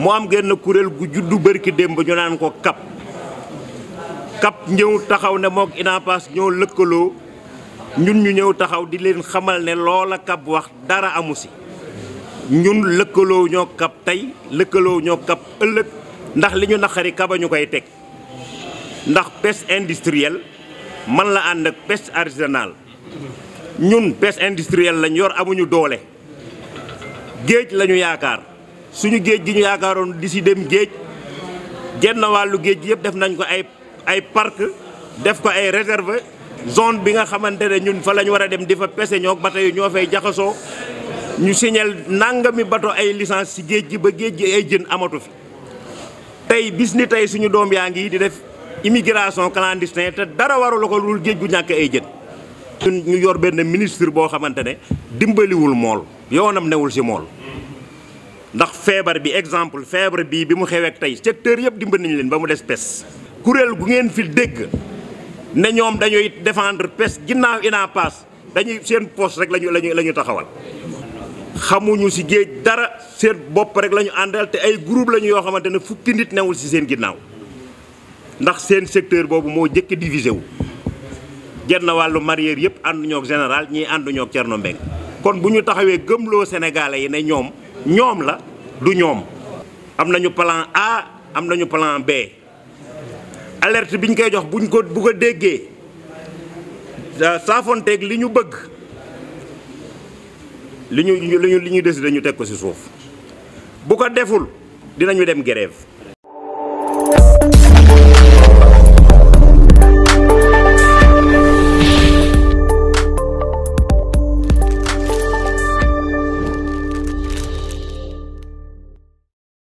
mo am genn kurel gu juddu barki ñu ko kap kap ñëw taxaw ne inapas ñoo lekolo, ñun ñu ñëw taxaw di leen xamal ne loola kap wax dara amusi, nyun ñun lëkkaloo ñoo kap tay, lëkkaloo ñoo kap ëlëk ndax liñu naxari kaba ñu tek ndax pêche industriel man la and ak pêche artisanal ñun pêche industriel lañ yor amuñu doole geej lañu yaakar suñu géej gi ñu yaakaaroon di si dem géej genn wàllu géej gi yëpp def nañ ko ay ay parc def ko ay réserve zone bi nga xamante ne ñun fa la ñu war a dem di fa pese ñoog bateau yi ñoo fay jaxasoo ñu signal mi bateau ay licence si géej gi ba géej gi ay jën amatu fi tey bis ni tey suñu doom yaa ngi di def immigration clandestine te dara warul ko lul géej gu ñàkk ay jën. ñun ñu yor benn ministre boo xamante ne dimbaliwul mool yoonam newul si mool. ndax feebar bi exemple feebar bii bi mu xewee tey secteur yëpp dimbali nañ leen ba mu des pes kuréel gu ngeen fi dégg ne ñoom dañuy défendre pes ginnaaw UNAPAS dañuy seen poste rek lañu lañu la ñu taxawal xamuñu si géej dara seen bopp rek la ñu àndal te ay groupe la ñu yoo xamante ne fukki nit newul si seen ginnaaw ndax seen secteur boobu moo jëkk divisé wu genn wàllu mareyeur yëpp ànduñoo ak général ñii ànduñoo ak Thierno Mbengue kon bu ñu taxawee gëmloo Sénégalais yi ñoom ñom la du ñom am plan A am nañu plan B alerte biñ koy jox buñ ko bu ko déggee saafonteeg nous bëgg liñu liñu nous de ko ci bu ko deful dinañu dem grève